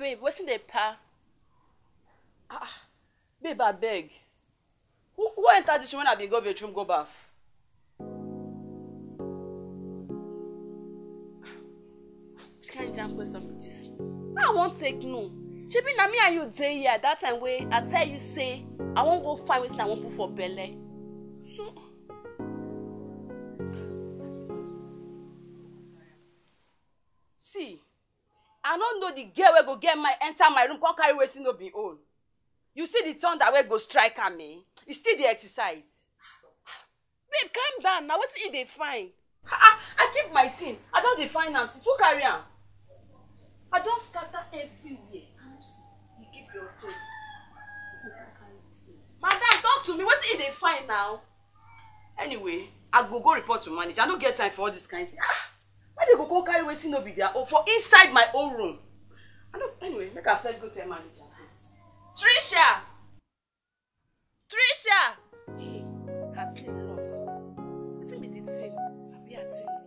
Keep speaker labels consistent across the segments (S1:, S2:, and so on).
S1: babe what's in the pa. ah babe abeg who who enter dis room when i bin go bathroom go bath? which kind jam question be dis i won't take no. shebi now me and you day here that time way, i tell you say i won't go find wetin i won't put for belle so. see i no know the girl wey go get my enter my room come carry wetin no be own you see the thunder wey go strike am eh e still dey exercise. babe calm down na wetin you dey find. Ah, ah i keep my thing i don dey find am since who carry am i don scatter everywhere i no see you keep your phone you go carry this thing. madam talk to me wetin you dey find now. anyway i go go report to manager i no get time for all this kind thing. Ah! dey go go carry wetin no be their own for inside my own room i no anyway make i first go to tell manager please. trisha trisha. Hey, her thing loss wetin be the thing abi her thing loss.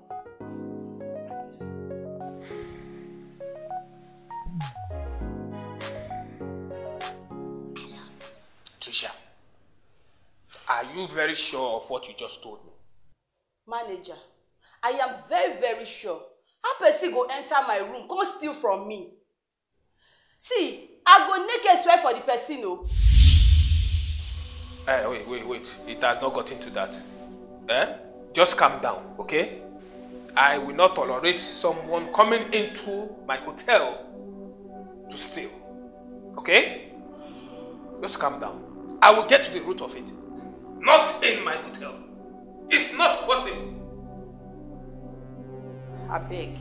S2: Trisha, are you very sure of what you just told me?
S1: Manager, I am very very sure how person go enter my room come steal from me see I go naked swear for the person o. Oh.
S2: Hey, eh, wait wait wait it has not got into that eh? just calm down okay I will not tolerate someone coming into my hotel to steal okay just calm down I will get to the root of it not in my hotel it's not possible abeg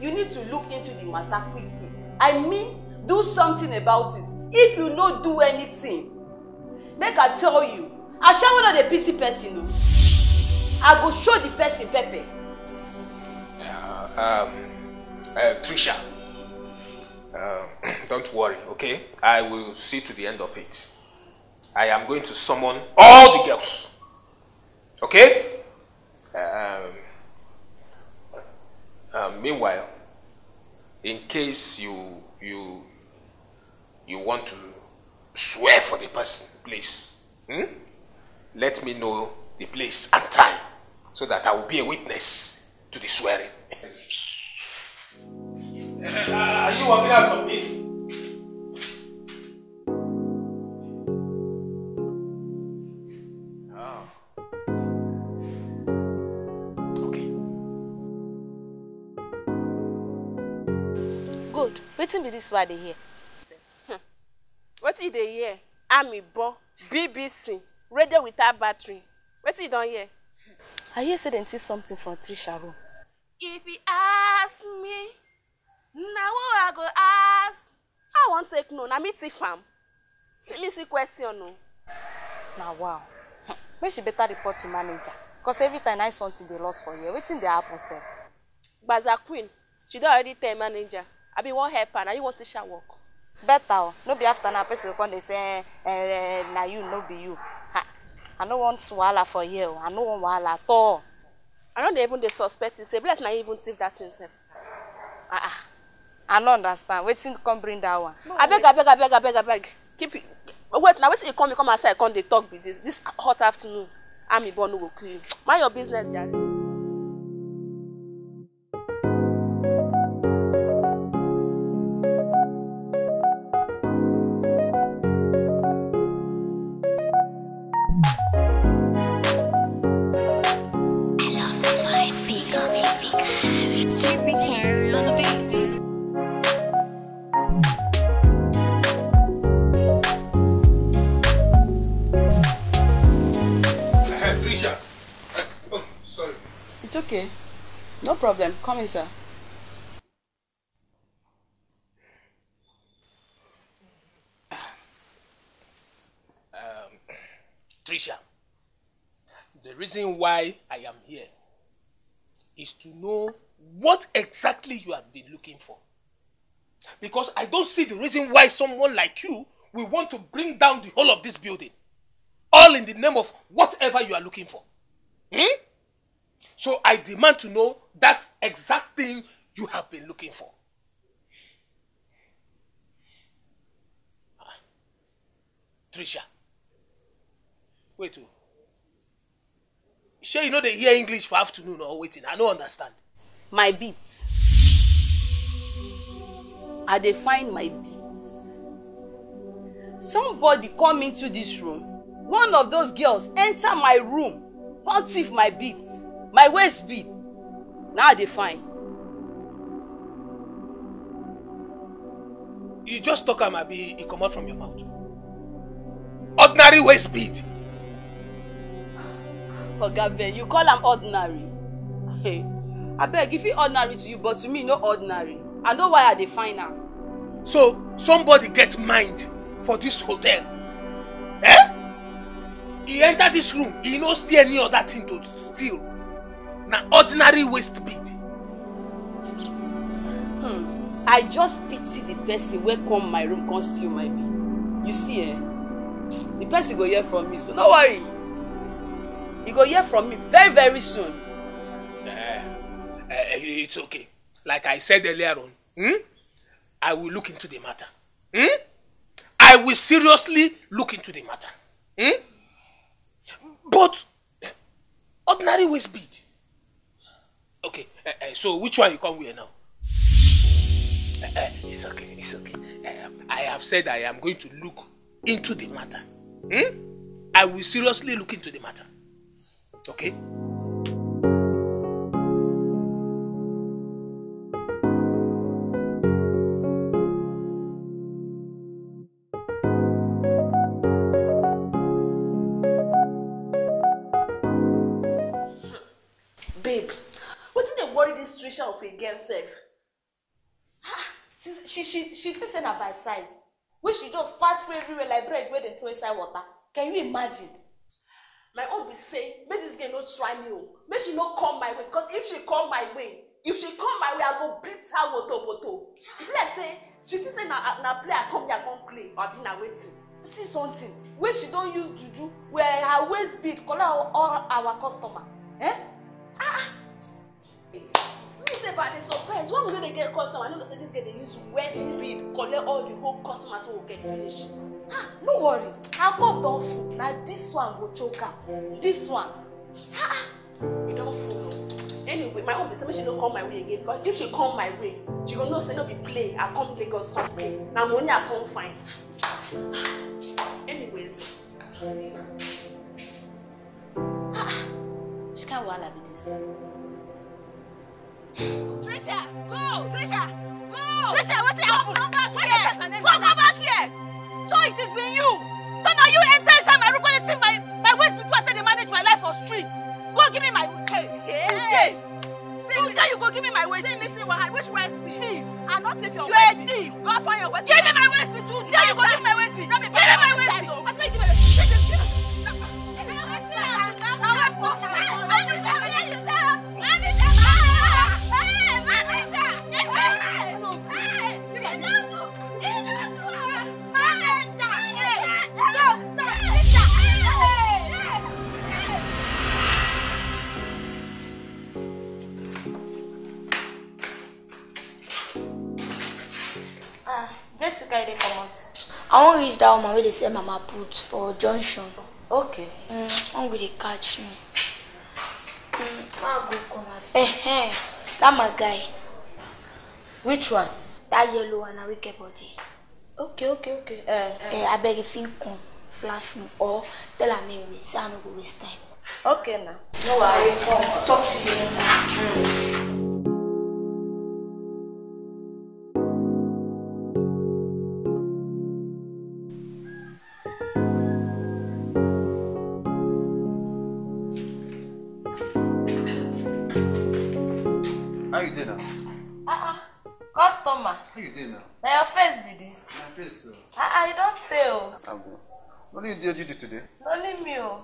S1: you need to look into the matter quickly. i mean do something about it if you no do anything make i tell you I shall asawo no dey pity person o i go show the person Pepe.
S2: Uh, um, uh, trisha uh, don't worry okay i will see to the end of it i am going to summon all the girls okay. Uh, um, Um, meanwhile, in case you you you want to swear for the person, please, hmm? let me know the place and time so that I will be a witness to the swearing. Are you walking out of me?
S1: dis one dey hear. wetin you dey hear amibo bbc radio without battery wetin you don hear. i hear say dem thief something from trisha room. if you ask me na who i go ask i wan take know na me thief am see me see question o. na wow hmm. make she better report to manager cos everytime i something dey lost for here wetin dey happen sef. gbaza queen she don already tell manager I be help her na you wan teach her work. better o no be after na person come dey say eh, eh na you no be you ha i no want wahala for here o oh. i no want wahala at all i no dey even dey suspect you say bless na you even thief that thing sef ah ah i no understand wetin come bring that one no, abeg abeg abeg abeg abeg keep wait na wetin you come you come outside come dey talk be this this hot afternoon amibon no go kill you mind your business jare.
S2: Risha. Oh,
S3: sorry. It's
S1: okay. No problem. Come in, sir.
S2: Um, Trisha, the reason why I am here is to know what exactly you have been looking for. Because I don't see the reason why someone like you will want to bring down the whole of this building. all in the name of whatever you are looking for. Hmm? So I demand to know that exact thing you have been looking for. Ah. Trisha, wait. Oh. Sure, you know they hear English for afternoon or waiting. I don't understand.
S1: My beats. I dey find my beats. Somebody come into this room one of those girls enter my room come thief my beads my waist bead
S2: now i dey fine. you just talk am abi e comot from your mouth ordinary waist bead. oga ben you call am ordinary
S1: hey, abeg e fit ordinary to you but to me no ordinary i know why i dey find am.
S2: so somebody get mind for dis hotel. Eh? He enter this room He no see any other thing to steal na ordinary waste bead. Hmm. i just pity
S1: the person where come my room come steal my bead you see eh the person go hear from me so no worry He go hear from me very very soon.
S2: Uh, uh, it's okay like i said earlier on hmm? i will look into the matter hmm? i will seriously look into the matter. Hmm? But ordinary waist bead. Okay, uh, uh, so which one you come wear now? Uh, uh, it's okay, it's okay. Uh, I have said I am going to look into the matter. Hmm? I will seriously look into the matter. Okay?
S1: dis trisha of a girl sef she she she think say na by size wey she just fat full everywhere like bread wey dem throw inside water can you imagine. my own be say make dis girl no try me o oh. make she no come my way because if she come my way if she come my way i go beat her wotowoto if like say she think say na na play i come here come play abi na wetin see something wey she don use juju where her waist bead collect all our customer eh ah, ah say if i dey surprise when we go dey get customer i know go say this girl dey use wet bead collect all the whole customers wey we get finish. ah no worry her cup don full na this one go choke am this one ah e don full anyway my own be say make she no come my way again because if she come my way she go know say no be play i come lagos come play na money i come find anyways. Ah, she can't wahala be this. Trisha, go! Trisha, go! Trisha, what's it? Go, come back here! Go, come back here! So it has been you! So now you enter inside my room and see my, my waist with what they manage my life on streets. Go give me my... Hey, yeah. Today! Today you go give me my waist. See me, see what I... Which waist be? Thief. I'm not thief your waist. You a thief. Go find your waist. Give me my waist be today. You go give me my waist be. Give me my waist give me my waist be? i wan reach that woman where they sell mama put for junction okay mm, one go dey catch me mm, ma go come Eh. that my guy which one that yellow one na wicked body okay okay okay uh, uh, uh, beg if him come flash me or tell am make we say i no go waste time okay Now. no worry come talk to you later. Mm. dey now? ah ah customer how you dey now? na your face be dis
S3: my face oh
S1: ah ah you don tell
S3: Sabu. no need you do today
S1: no need me oh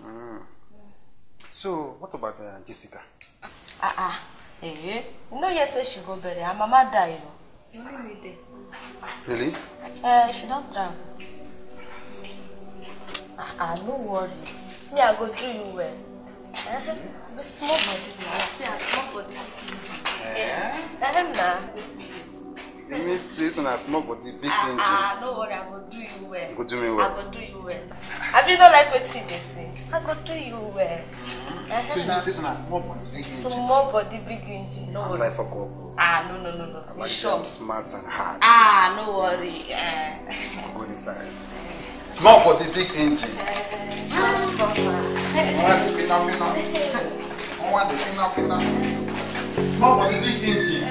S3: hmm mm. so what about uh, jessica
S1: ah ah eh you know yes she go bury her mama die oh no need me dey really? eh she don't drown ah ah no worry me i go do you well small body now. See, a small body. Eh? Ahem na.
S3: You mean say so na small body big engine? Ah,
S1: ah no worry, I go do you well. Go do me well. I go do you well. Have you no like wetin dey say? I go do you well. Mm-hmm. So you mean say
S3: small body
S1: big engine? Small body big engine. No worry.
S3: I'm ah, no, no, no, no. Like sure. smart and hard.
S1: Ah, no worry. Uh...
S3: Go inside. Small body big engine. Uh, Wọ́n ti pinapina. Wọ́n wá di pinapina. Small body big engine.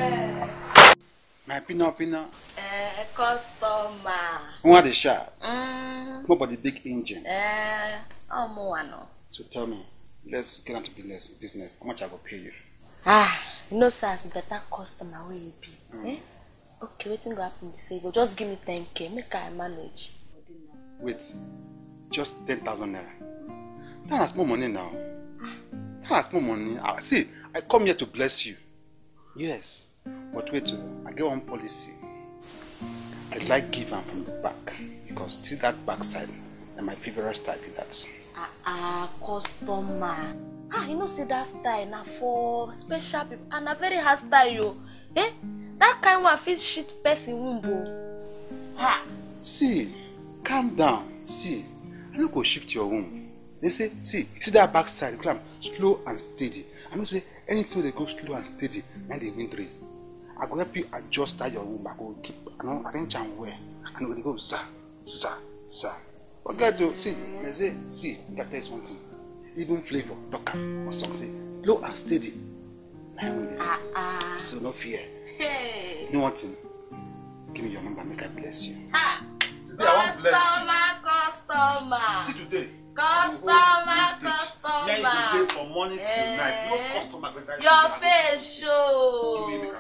S3: My pinapina. Uh,
S1: eh, customer.
S3: Wọ́n wá di sharp.
S1: Mm.
S3: Small body big engine.
S1: Oh wa nọ. Oh.
S3: So tell me, let's get into business. business. How much I go pay you?
S1: Ah, no, sir, as better customer wey you be. Mm. Eh? Okay, waiting go happen be say you go just give me ten k make I manage.
S3: Wait, just ten thousand naira. That has more money now. That has more money. Ah, see, I come here to bless you. Yes. But wait, oh, I get one policy. I like giving from the back. Because see that backside, na my favorite style be that.
S1: Ah, ah, customer. Ah, you know, see that style now for special people. And a very hard style, yo. Eh? That kind one fit shit person womb, o. Oh. Ha!
S3: See, calm down. See, I no go shift your womb. They say, see, see that backside climb, slow and steady. I know say anything wey dey go slow and steady na dey win the race. I go help you adjust that your womb. I go keep, I know, arrange am well. And we dey go za, za, za. Oga okay, do see, they say, see, I tell one thing. Even flavour, talk am for song say, slow and steady. Na him dey. Ah, ah So no fear.
S1: Hey.
S3: You know one thing? Give me your number, make I bless you. Ha! Customer,
S1: customer. See today. Customer, customer. Now eh. you from morning till night. No customer Your face show.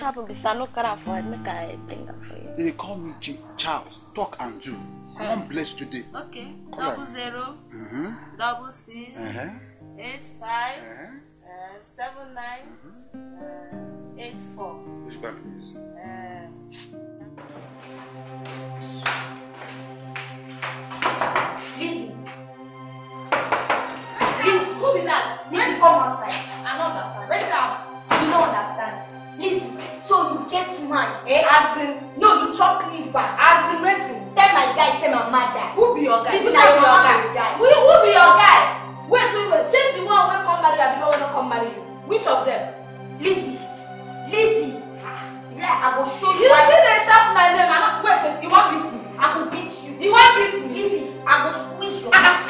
S1: Papa, this I no care for. Make
S3: I bring am for you. They call me J Charles. Talk and do. I want eh. bless today. Okay.
S1: Call double zero.
S3: Mm-hmm.
S1: Double six. Uh huh. Eight five. Uh huh. Uh, seven nine. Mm-hmm. Uh, eight four.
S3: Which bank is?
S1: Uh, eh as in no you chop liver ah. as in wetin tell my guy say my mama die who be your guy say na your mama die who, who be your guy wait wait wait change the one wey come marry you abi the one wey no come marry you which of them Lizzie, Lizzie? Yeah, i go show you you still dey shout my name ah. i not wait you wan beat me i go beat you you wan beat me Lizzie? i go squish your. Ah,